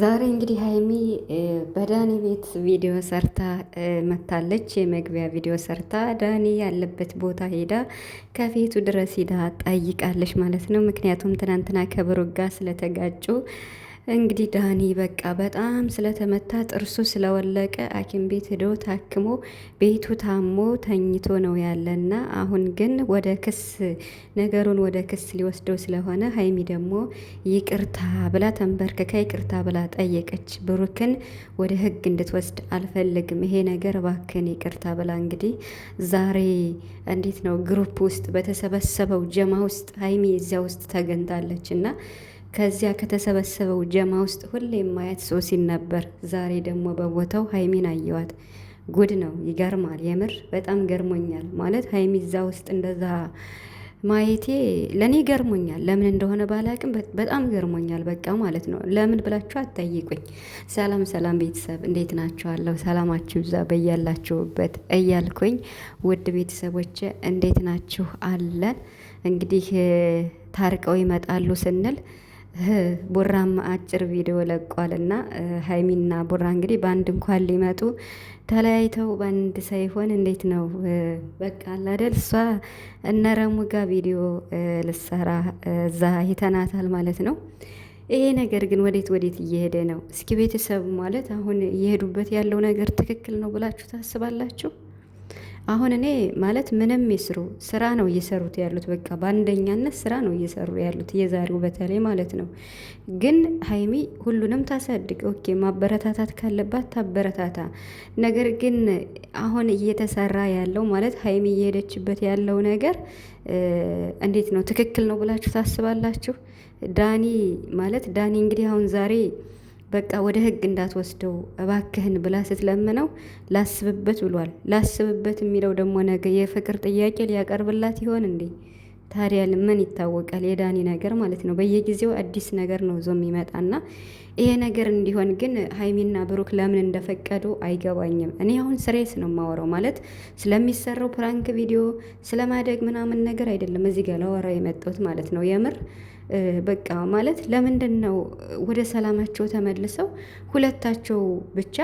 ዛሬ እንግዲህ ሀይሚ በዳኒ ቤት ቪዲዮ ሰርታ መታለች። የመግቢያ ቪዲዮ ሰርታ ዳኒ ያለበት ቦታ ሄዳ ከፊቱ ድረስ ሄዳ ጠይቃለች ማለት ነው። ምክንያቱም ትናንትና ከብሩክ ጋር ስለተጋጩ እንግዲህ ዳኒ በቃ በጣም ስለተመታ ጥርሱ ስለወለቀ ሐኪም ቤት ሄዶ ታክሞ ቤቱ ታሞ ተኝቶ ነው ያለና አሁን ግን ወደ ክስ ነገሩን ወደ ክስ ሊወስደው ስለሆነ ሀይሚ ደግሞ ይቅርታ ብላ ተንበርክካ ይቅርታ ብላ ጠየቀች። ብሩክን ወደ ህግ እንድትወስድ አልፈልግም፣ ይሄ ነገር ባክን ይቅርታ ብላ እንግዲህ ዛሬ እንዴት ነው ግሩፕ ውስጥ በተሰበሰበው ጀማ ውስጥ ሀይሚ እዚያ ውስጥ ተገንታለች እና ከዚያ ከተሰበሰበው ጀማ ውስጥ ሁሌም ማየት ሶሲን ነበር። ዛሬ ደግሞ በቦታው ሀይሚን አየዋት። ጉድ ነው፣ ይገርማል። የምር በጣም ገርሞኛል። ማለት ሀይሚ እዛ ውስጥ እንደዛ ማየቴ ለእኔ ገርሞኛል። ለምን እንደሆነ ባላቅም በጣም ገርሞኛል። በቃ ማለት ነው። ለምን ብላችሁ አትጠይቁኝ። ሰላም ሰላም ቤተሰብ እንዴት ናችኋለሁ? ሰላማችሁ ዛ በያላችሁበት እያልኩኝ ውድ ቤተሰቦች እንዴት ናችሁ? አለን እንግዲህ ታርቀው ይመጣሉ ስንል ቡራም አጭር ቪዲዮ ለቋልና ሀይሚና ቡራ እንግዲህ በአንድ እንኳን ሊመጡ ተለያይተው በአንድ ሳይሆን እንዴት ነው በቃ አላደል እሷ እነረሙ ጋ ቪዲዮ ልሰራ እዛ ሂተናታል ማለት ነው። ይሄ ነገር ግን ወዴት ወዴት እየሄደ ነው? እስኪ ቤተሰብ ማለት አሁን እየሄዱበት ያለው ነገር ትክክል ነው ብላችሁ ታስባላችሁ? አሁን እኔ ማለት ምንም ይስሩ ስራ ነው እየሰሩት ያሉት። በቃ በአንደኛነት ስራ ነው እየሰሩ ያሉት፣ የዛሬው በተለይ ማለት ነው። ግን ሀይሚ ሁሉንም ታሳድግ፣ ኦኬ ማበረታታት ካለባት ታበረታታ። ነገር ግን አሁን እየተሰራ ያለው ማለት ሀይሚ እየሄደችበት ያለው ነገር እንዴት ነው? ትክክል ነው ብላችሁ ታስባላችሁ? ዳኒ ማለት ዳኒ እንግዲህ አሁን ዛሬ በቃ ወደ ህግ እንዳትወስደው እባክህን ብላ ስትለምነው ላስብበት ብሏል። ላስብበት የሚለው ደግሞ ነገ የፍቅር ጥያቄ ሊያቀርብላት ይሆን እንዴ? ታዲያ ምን ይታወቃል? የዳኒ ነገር ማለት ነው። በየጊዜው አዲስ ነገር ነው ዞም ይመጣና ይሄ ነገር እንዲሆን ግን ሀይሚና ብሩክ ለምን እንደፈቀዱ አይገባኝም። እኔ አሁን ስሬስ ነው የማወራው ማለት ስለሚሰራው ፕራንክ ቪዲዮ ስለማደግ ምናምን ነገር አይደለም። እዚህ ጋር ላወራ የመጣሁት ማለት ነው የምር በቃ ማለት ለምንድን ነው ወደ ሰላማቸው ተመልሰው ሁለታቸው ብቻ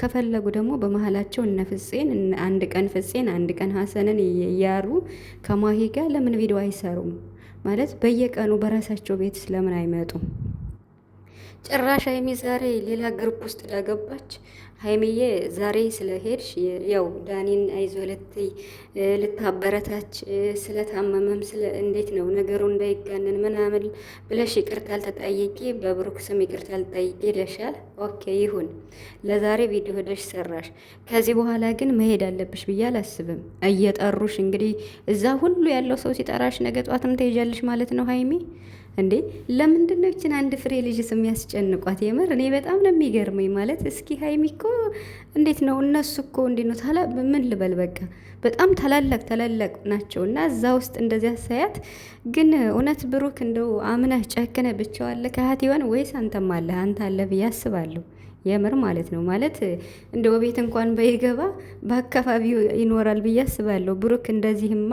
ከፈለጉ ደግሞ በመሀላቸው እነ አንድ ቀን ፍፄን አንድ ቀን ሀሰንን እያሩ ከማሂ ጋር ለምን ቪዲዮ አይሰሩም? ማለት በየቀኑ በራሳቸው ቤት ስለምን አይመጡም? ጭራሽ ሀይሚ ዛሬ ሌላ ግሩፕ ውስጥ ዳገባች። ሀይሚዬ ዛሬ ስለሄድሽ ያው ዳኒን አይዞ ልትይ ልታበረታች ስለታመመም ስለ እንዴት ነው ነገሩ እንዳይጋነን ምናምን ብለሽ ይቅርታል ተጠይቂ በብሩክ ስም ይቅርታል አልተጠይቂ ይለሻል። ኦኬ ይሁን፣ ለዛሬ ቪዲዮ ሄደሽ ሰራሽ። ከዚህ በኋላ ግን መሄድ አለብሽ ብዬ አላስብም። እየጠሩሽ እንግዲህ እዛ ሁሉ ያለው ሰው ሲጠራሽ ነገ ጧትም ትሄጃለሽ ማለት ነው ሀይሚ እንዴ ለምንድን ነው ይችን አንድ ፍሬ ልጅ ልጅስ የሚያስጨንቋት? የምር እኔ በጣም ነው የሚገርመኝ። ማለት እስኪ ሀይሚ እኮ እንዴት ነው እነሱ እኮ እንዴት ነው ታላ ምን ልበል በቃ በጣም ታላላቅ ታላላቅ ናቸው እና እዛ ውስጥ እንደዚያ ሳያት ግን እውነት ብሩክ እንደው አምነህ ጨክነህ ብቻዋለህ ከሀት ይሆን ወይስ አንተም አለህ አንተ አለህ ብዬ አስባለሁ። የምር ማለት ነው። ማለት እንደ ቤት እንኳን በይገባ በአካባቢው ይኖራል ብዬ አስባለሁ። ብሩክ እንደዚህማ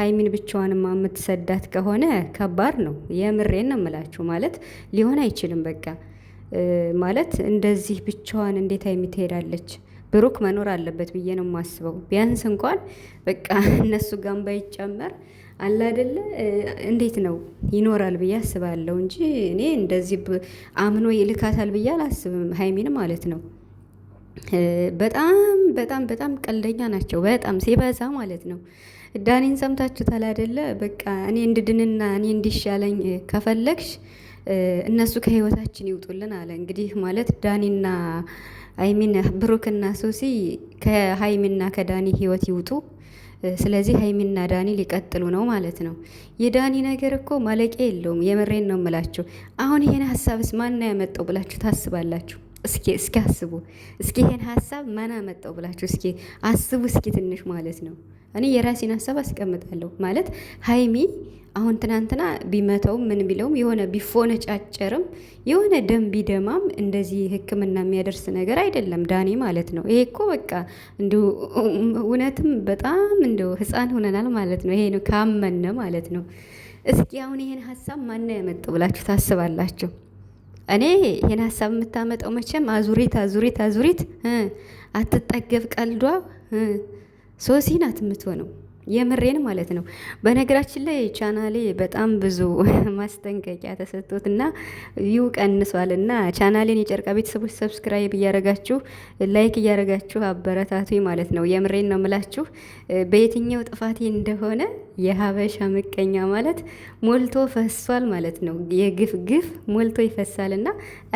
ሀይሚን ብቻዋንማ የምትሰዳት ከሆነ ከባድ ነው። የምሬን ነው የምላችሁ። ማለት ሊሆን አይችልም። በቃ ማለት እንደዚህ ብቻዋን እንዴት ሀይሚ ትሄዳለች? ብሩክ መኖር አለበት ብዬ ነው የማስበው። ቢያንስ እንኳን በቃ እነሱ ጋም ባይጨመር አለ አይደለ? እንዴት ነው ይኖራል ብዬ አስባለሁ እንጂ እኔ እንደዚህ አምኖ ይልካታል ብዬ አላስብም። ሀይሚን ማለት ነው። በጣም በጣም በጣም ቀልደኛ ናቸው። በጣም ሲበዛ ማለት ነው። ዳኔን ሰምታችሁታል አይደለ? በቃ እኔ እንድድንና እኔ እንዲሻለኝ ከፈለግሽ እነሱ ከህይወታችን ይውጡልን አለ። እንግዲህ ማለት ዳኒና አይሚን ብሩክና ሶሲ ከሀይሚና ከዳኒ ህይወት ይውጡ። ስለዚህ ሀይሚና ዳኒ ሊቀጥሉ ነው ማለት ነው። የዳኒ ነገር እኮ ማለቂያ የለውም። የምሬን ነው የምላችሁ። አሁን ይሄን ሀሳብስ ማና ያመጣው ብላችሁ ታስባላችሁ? እስኪ እስኪ አስቡ እስኪ ይሄን ሀሳብ ማና ያመጣው ብላችሁ እስኪ አስቡ እስኪ ትንሽ ማለት ነው። እኔ የራሴን ሀሳብ አስቀምጣለሁ። ማለት ሀይሚ አሁን ትናንትና ቢመተውም ምን ቢለውም የሆነ ጫጨርም የሆነ ደም ቢደማም እንደዚህ ሕክምና የሚያደርስ ነገር አይደለም ዳኔ ማለት ነው። ይሄ እኮ በቃ እን እውነትም በጣም እንዲሁ ሕፃን ሆነናል ማለት ነው። ይሄ ነው ካመነ ማለት ነው። እስኪ አሁን ይህን ሀሳብ ማነው ያመጣው ብላችሁ ታስባላችሁ? እኔ ይህን ሀሳብ የምታመጣው መቼም አዙሪት አዙሪት አዙሪት አትጠገብ ቀልዷ ሶሲ ናት የምትሆነው። የምሬን ማለት ነው። በነገራችን ላይ ቻናሌ በጣም ብዙ ማስጠንቀቂያ ተሰጥቶት እና ይው ቀንሷል እና ቻናሌን የጨርቃ ቤተሰቦች ሰብስክራይብ እያረጋችሁ ላይክ እያረጋችሁ አበረታቱ ማለት ነው። የምሬን ነው ምላችሁ። በየትኛው ጥፋቴ እንደሆነ የሀበሻ ምቀኛ ማለት ሞልቶ ፈሷል ማለት ነው። የግፍ ግፍ ሞልቶ ይፈሳል እና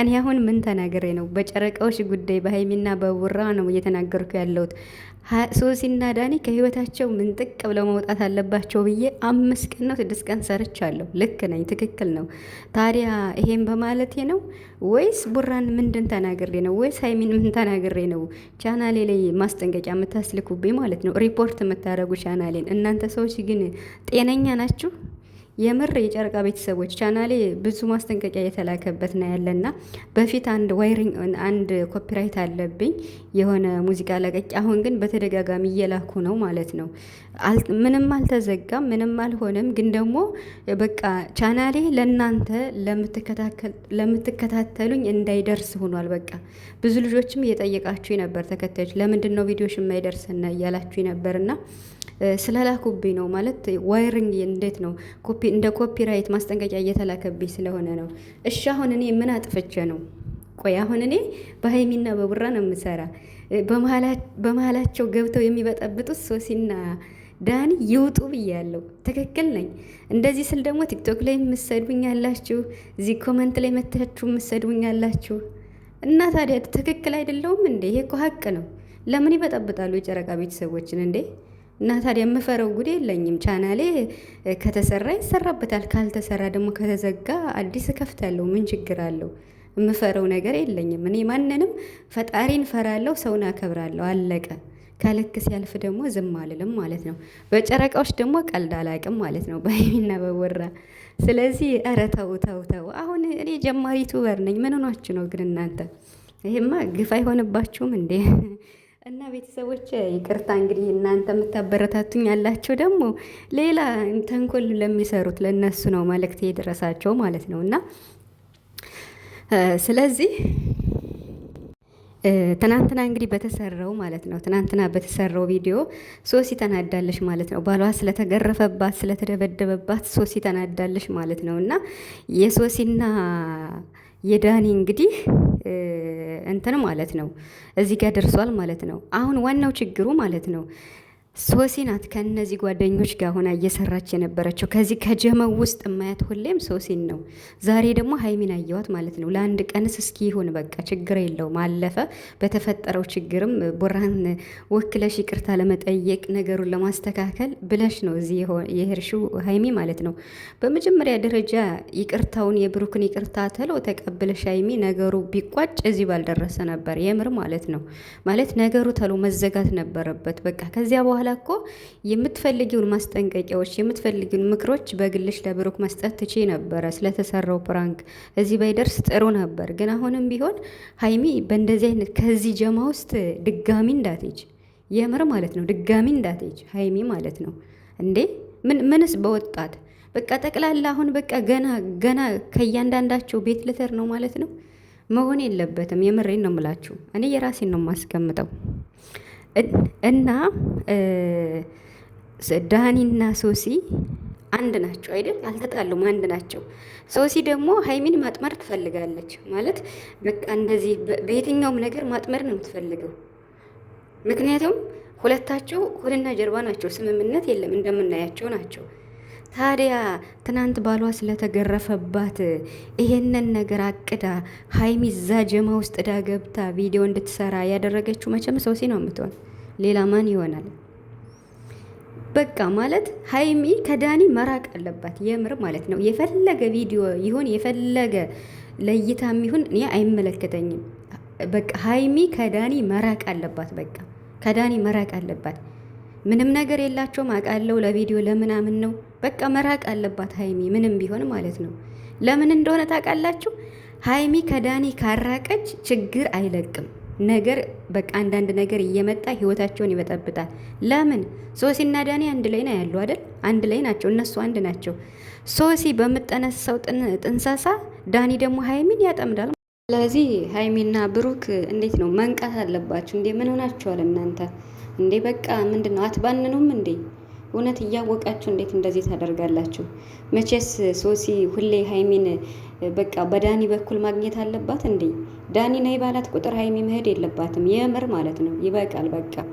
እኔ አሁን ምን ተናግሬ ነው? በጨረቃዎች ጉዳይ በሀይሚና በቡራ ነው እየተናገርኩ ያለሁት ሶሲና ዳኒ ከህይወታቸው ምንጥቅ ብለው መውጣት አለባቸው ብዬ አምስት ቀን ነው ስድስት ቀን ሰርቻለሁ። ልክ ነኝ፣ ትክክል ነው። ታዲያ ይሄን በማለቴ ነው ወይስ ቡራን ምንድን ተናግሬ ነው ወይስ ሀይሚን ምን ተናግሬ ነው? ቻናሌ ላይ ማስጠንቀቂያ የምታስልኩብኝ ማለት ነው፣ ሪፖርት የምታደረጉ ቻናሌን። እናንተ ሰዎች ግን ጤነኛ ናችሁ? የምር የጨረቃ ቤተሰቦች ቻናሌ ብዙ ማስጠንቀቂያ የተላከበት ነው ያለና በፊት አንድ ዋይሪንግ አንድ ኮፒራይት አለብኝ የሆነ ሙዚቃ ለቀቂ። አሁን ግን በተደጋጋሚ እየላኩ ነው ማለት ነው። ምንም አልተዘጋም፣ ምንም አልሆነም። ግን ደግሞ በቃ ቻናሌ ለእናንተ ለምትከታተሉኝ እንዳይደርስ ሆኗል። በቃ ብዙ ልጆችም እየጠየቃችሁ ነበር፣ ተከታዮች ለምንድን ነው ቪዲዮሽ የማይደርስና እያላችሁ ነበርና ስለላኩብኝ ነው ማለት ዋይሪንግ እንዴት ነው ኮፒ እንደ ኮፒራይት ማስጠንቀቂያ እየተላከብኝ ስለሆነ ነው። እሺ አሁን እኔ ምን አጥፍቼ ነው? ቆይ አሁን እኔ በሀይሚና በቡራ ነው የምሰራ። በመሀላቸው ገብተው የሚበጠብጡት ሶሲና ዳኒ ይውጡ ብያለሁ። ትክክል ነኝ። እንደዚህ ስል ደግሞ ቲክቶክ ላይ የምሰድቡኝ አላችሁ፣ እዚህ ኮመንት ላይ መታችሁ የምሰድቡኝ አላችሁ። እና ታዲያ ትክክል አይደለውም እንዴ? ይሄ እኮ ሀቅ ነው። ለምን ይበጠብጣሉ የጨረቃ ቤተሰቦችን እንዴ? እና ታዲያ የምፈረው ጉዴ የለኝም። ቻናሌ ከተሰራ ይሰራበታል፣ ካልተሰራ ደግሞ ከተዘጋ አዲስ እከፍታለሁ። ምን ችግር አለው? የምፈረው ነገር የለኝም። እኔ ማንንም ፈጣሪን ፈራለሁ፣ ሰውን አከብራለሁ። አለቀ። ከልክ ሲያልፍ ደግሞ ዝም አልልም ማለት ነው። በጨረቃዎች ደግሞ ቀልድ አላቅም ማለት ነው፣ በሀይሚና በወራ ስለዚህ ኧረ ተው ተው ተው። አሁን እኔ ጀማሪ ቱበር ነኝ። ምን ሆናችሁ ነው ግን እናንተ? ይሄማ ግፍ አይሆንባችሁም እንዴ? እና ቤተሰቦች ይቅርታ እንግዲህ እናንተ የምታበረታቱኝ ያላቸው ደግሞ ሌላ ተንኮል ለሚሰሩት ለእነሱ ነው መልእክት የደረሳቸው ማለት ነው። እና ስለዚህ ትናንትና እንግዲህ በተሰራው ማለት ነው ትናንትና በተሰራው ቪዲዮ ሶሲ ተናዳለሽ ማለት ነው። ባሏ ስለተገረፈባት ስለተደበደበባት ሶሲ ተናዳለሽ ማለት ነው እና የሶሲና የዳኒ እንግዲህ እንትን ማለት ነው እዚህ ጋር ደርሷል ማለት ነው። አሁን ዋናው ችግሩ ማለት ነው ሶሲ ናት ከእነዚህ ጓደኞች ጋር ሆና እየሰራች የነበረችው። ከዚህ ከጀመው ውስጥ የማያት ሁሌም ሶሲን ነው። ዛሬ ደግሞ ሀይሚን አየዋት ማለት ነው። ለአንድ ቀንስ እስኪ ይሁን በቃ ችግር የለውም አለፈ። በተፈጠረው ችግርም ቦራን ወክለሽ ይቅርታ ለመጠየቅ ነገሩን ለማስተካከል ብለሽ ነው እዚህ የሄድሽው ሀይሚ ማለት ነው። በመጀመሪያ ደረጃ ይቅርታውን የብሩክን ይቅርታ ተለው ተቀብለሽ ሀይሚ ነገሩ ቢቋጭ እዚህ ባልደረሰ ነበር። የምር ማለት ነው ማለት ነገሩ ተሎ መዘጋት ነበረበት በቃ ከዚያ በኋላ በኋላ እኮ የምትፈልጊውን ማስጠንቀቂያዎች፣ የምትፈልጊውን ምክሮች በግልሽ ለብሩክ መስጠት ትቼ ነበረ። ስለተሰራው ፕራንክ እዚህ ባይደርስ ጥሩ ነበር። ግን አሁንም ቢሆን ሀይሚ በእንደዚህ አይነት ከዚህ ጀማ ውስጥ ድጋሚ እንዳትሄጅ የምር ማለት ነው። ድጋሚ እንዳትሄጅ ሀይሚ ማለት ነው። እንዴ ምን ምንስ በወጣት በቃ ጠቅላላ አሁን በቃ ገና ገና ከእያንዳንዳቸው ቤት ልተር ነው ማለት ነው። መሆን የለበትም። የምሬን ነው የምላችሁ። እኔ የራሴን ነው የማስቀምጠው። እና ዳኒና ሶሲ አንድ ናቸው አይደል? አልተጣሉም፣ አንድ ናቸው። ሶሲ ደግሞ ሀይሚን ማጥመር ትፈልጋለች ማለት በቃ እንደዚህ በየትኛውም ነገር ማጥመር ነው የምትፈልገው። ምክንያቱም ሁለታቸው ሆድና ጀርባ ናቸው፣ ስምምነት የለም፣ እንደምናያቸው ናቸው። ታዲያ ትናንት ባሏ ስለተገረፈባት ይሄንን ነገር አቅዳ ሀይሚ እዛ ጀማ ውስጥ ዳ ገብታ ቪዲዮ እንድትሰራ ያደረገችው መቼም ሰው ሲ ነው የምትሆን፣ ሌላ ማን ይሆናል? በቃ ማለት ሀይሚ ከዳኒ መራቅ አለባት፣ የምር ማለት ነው። የፈለገ ቪዲዮ ይሁን የፈለገ ለእይታ ይሁን እኔ አይመለከተኝም። በቃ ሀይሚ ከዳኒ መራቅ አለባት። በቃ ከዳኒ መራቅ አለባት። ምንም ነገር የላቸውም አውቃለሁ። ለቪዲዮ ለምናምን ነው በቃ መራቅ አለባት ሀይሚ ምንም ቢሆን ማለት ነው። ለምን እንደሆነ ታውቃላችሁ? ሀይሚ ከዳኒ ካራቀች ችግር አይለቅም ነገር በቃ አንዳንድ ነገር እየመጣ ህይወታቸውን ይበጠብጣል። ለምን ሶሲና ዳኒ አንድ ላይ ነው ያሉ አይደል? አንድ ላይ ናቸው፣ እነሱ አንድ ናቸው። ሶሲ በምጠነሰው ጥንሰሳ ዳኒ ደግሞ ሀይሚን ያጠምዳል። ስለዚህ ሀይሚና ብሩክ እንዴት ነው መንቃት አለባችሁ እንዴ! ምን ሆናችኋል እናንተ እንዴ? በቃ ምንድን ነው አትባንኑም እንዴ? እውነት እያወቃችሁ እንዴት እንደዚህ ታደርጋላችሁ? መቼስ ሶሲ ሁሌ ሀይሚን በቃ በዳኒ በኩል ማግኘት አለባት እንዴ? ዳኒ ነይ ባላት ቁጥር ሀይሚ መሄድ የለባትም የምር ማለት ነው። ይበቃል በቃ።